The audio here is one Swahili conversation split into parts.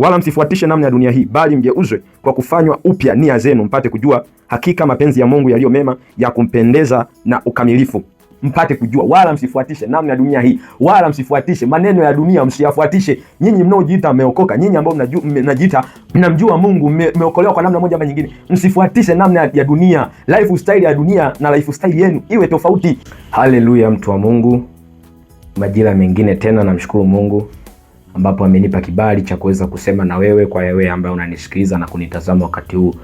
wala msifuatishe namna ya dunia hii, bali mgeuzwe kwa kufanywa upya nia zenu, mpate kujua hakika mapenzi ya Mungu yaliyo mema, ya kumpendeza na ukamilifu mpate kujua. Wala msifuatishe namna ya dunia hii, wala msifuatishe maneno ya dunia, msiyafuatishe. Nyinyi mnaojiita mmeokoka, nyinyi ambao mnajiita mnamjua Mungu, mmeokolewa kwa namna moja ama nyingine, msifuatishe namna ya dunia, lifestyle ya dunia na lifestyle yenu iwe tofauti. Haleluya, mtu wa Mungu. Majira mengine tena, namshukuru Mungu ambapo amenipa kibali cha kuweza kusema na wewe kwa wewe ambaye unanisikiliza na kunitazama wakati huu.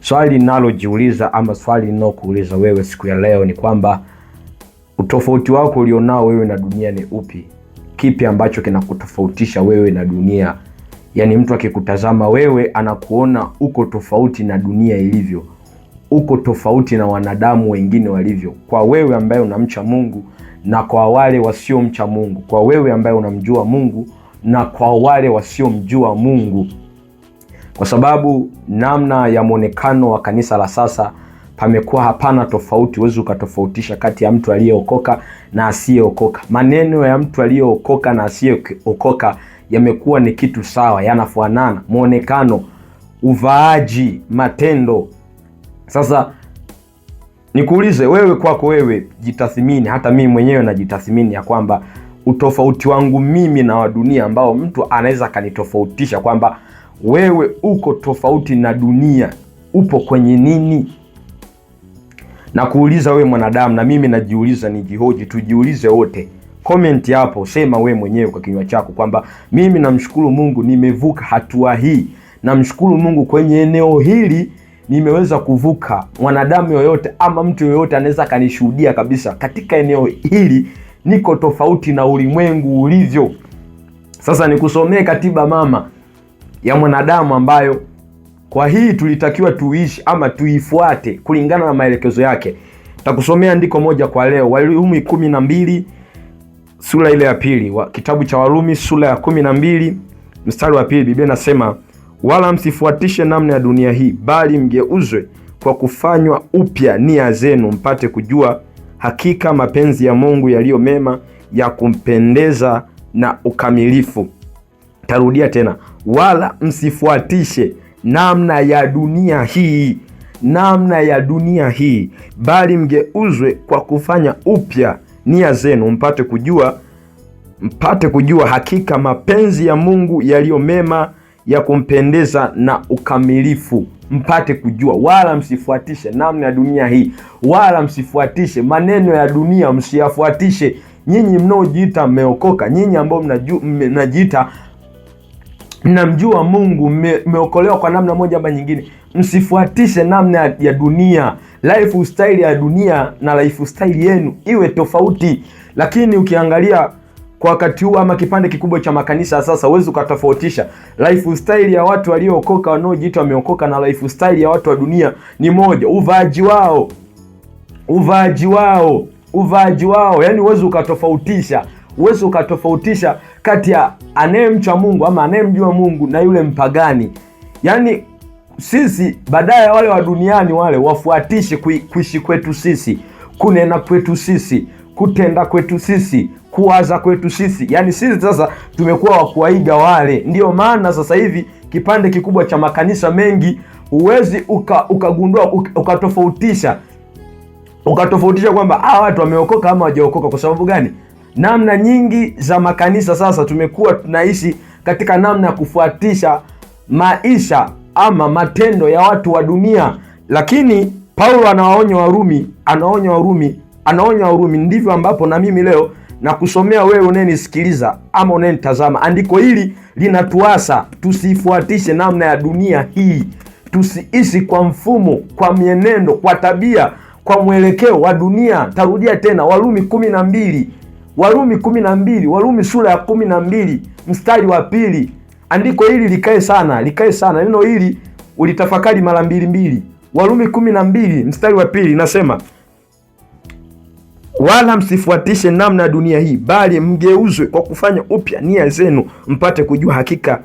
Swali ninalojiuliza ama swali ninalokuuliza wewe siku ya leo ni kwamba utofauti wako ulionao wewe na dunia ni upi? Kipi ambacho kinakutofautisha wewe na dunia? Yaani mtu akikutazama wewe anakuona uko tofauti na dunia ilivyo, uko tofauti na wanadamu wengine walivyo, kwa wewe ambaye unamcha Mungu na kwa wale wasiomcha Mungu, kwa wewe ambaye unamjua Mungu na kwa wale wasiomjua Mungu, kwa sababu namna ya mwonekano wa kanisa la sasa pamekuwa hapana tofauti. Huwezi ukatofautisha kati ya mtu aliyeokoka na asiyeokoka. Maneno ya mtu aliyeokoka na asiyeokoka yamekuwa ni kitu sawa, yanafanana mwonekano, uvaaji, matendo. Sasa nikuulize wewe, kwako wewe, jitathimini. Hata mimi mwenyewe najitathimini ya kwamba utofauti wangu mimi na wa dunia, ambao mtu anaweza akanitofautisha kwamba wewe uko tofauti na dunia, upo kwenye nini? Na kuuliza wewe mwanadamu, na mimi najiuliza, nijihoji, tujiulize wote. Komenti hapo, sema wewe mwenyewe kwa kinywa chako kwamba mimi namshukuru Mungu nimevuka hatua hii, namshukuru Mungu kwenye eneo hili nimeweza kuvuka. Mwanadamu yoyote ama mtu yoyote anaweza akanishuhudia kabisa, katika eneo hili niko tofauti na ulimwengu ulivyo. Sasa nikusomee katiba mama ya mwanadamu ambayo kwa hii tulitakiwa tuishi ama tuifuate kulingana na maelekezo yake. Takusomea andiko moja kwa leo, Warumi kumi na mbili sura ile ya pili, kitabu cha Warumi sura ya kumi na mbili mstari wa pili, Biblia inasema wala msifuatishe namna ya dunia hii, bali mgeuzwe kwa kufanywa upya nia zenu, mpate kujua hakika mapenzi ya Mungu yaliyo mema ya kumpendeza na ukamilifu. Tarudia tena, wala msifuatishe namna ya dunia hii, namna ya dunia hii, bali mgeuzwe kwa kufanya upya nia zenu, mpate kujua, mpate kujua hakika mapenzi ya Mungu yaliyo mema ya kumpendeza na ukamilifu, mpate kujua, wala msifuatishe namna ya dunia hii, wala msifuatishe maneno ya dunia, msiyafuatishe nyinyi mnaojiita mmeokoka, nyinyi ambao mnajiita mnamjua Mungu, mmeokolewa kwa namna moja ama nyingine, msifuatishe namna ya dunia. Lifestyle ya dunia na lifestyle yenu iwe tofauti, lakini ukiangalia kwa wakati huu ama kipande kikubwa cha makanisa sasa, huwezi ukatofautisha lifestyle ya watu waliookoka wanaojiita wameokoka na lifestyle ya watu wa dunia ni moja. Uvaaji wao, uvaaji wao, uvaaji wao, yani huwezi ukatofautisha, huwezi ukatofautisha kati ya anayemcha Mungu ama anayemjua Mungu na yule mpagani. Yani sisi baadaye wale wa duniani wale wafuatishe kuishi kwetu sisi, kunena kwetu sisi, kutenda kwetu sisi kuwaza kwetu sisi, yaani sisi sasa tumekuwa wa kuwaiga wale. Ndiyo maana sasa hivi kipande kikubwa cha makanisa mengi huwezi ukagundua uka ukatofautisha ukatofautisha kwamba hawa ah, watu wameokoka ama wajaokoka. Kwa sababu gani? Namna nyingi za makanisa sasa tumekuwa tunaishi katika namna ya kufuatisha maisha ama matendo ya watu wa dunia, lakini Paulo anawaonya Warumi, anaonya Warumi, anaonya Warumi. Ndivyo ambapo na mimi leo na kusomea wewe unayenisikiliza ama unayenitazama. Andiko hili linatuasa tusifuatishe namna ya dunia hii, tusiishi kwa mfumo, kwa mienendo, kwa tabia, kwa mwelekeo wa dunia. Tarudia tena Warumi kumi na mbili Warumi kumi na mbili Warumi sura ya kumi na mbili mstari wa pili. Andiko hili likae sana, likae sana, neno hili ulitafakari mara mbili mbili. Warumi kumi na mbili mstari wa pili nasema, wala msifuatishe namna ya dunia hii, bali mgeuzwe kwa kufanya upya nia zenu, mpate kujua hakika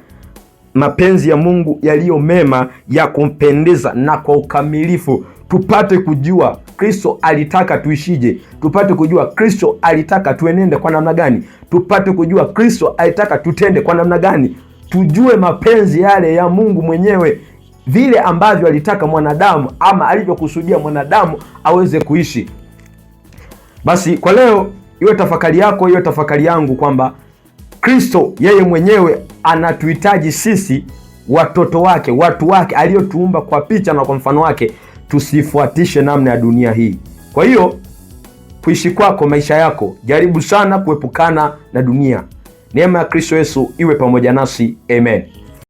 mapenzi ya Mungu yaliyo mema, ya kumpendeza na kwa ukamilifu. Tupate kujua Kristo alitaka tuishije, tupate kujua Kristo alitaka tuenende kwa namna gani, tupate kujua Kristo alitaka tutende kwa namna gani, tujue mapenzi yale ya Mungu mwenyewe vile ambavyo alitaka mwanadamu ama alivyokusudia mwanadamu aweze kuishi. Basi kwa leo iwe tafakari yako, iwe tafakari yangu kwamba Kristo yeye mwenyewe anatuhitaji sisi watoto wake, watu wake aliyotuumba kwa picha na kwa mfano wake, tusifuatishe namna ya dunia hii. Kwa hiyo kuishi kwako, maisha yako, jaribu sana kuepukana na dunia. Neema ya Kristo Yesu iwe pamoja nasi, amen.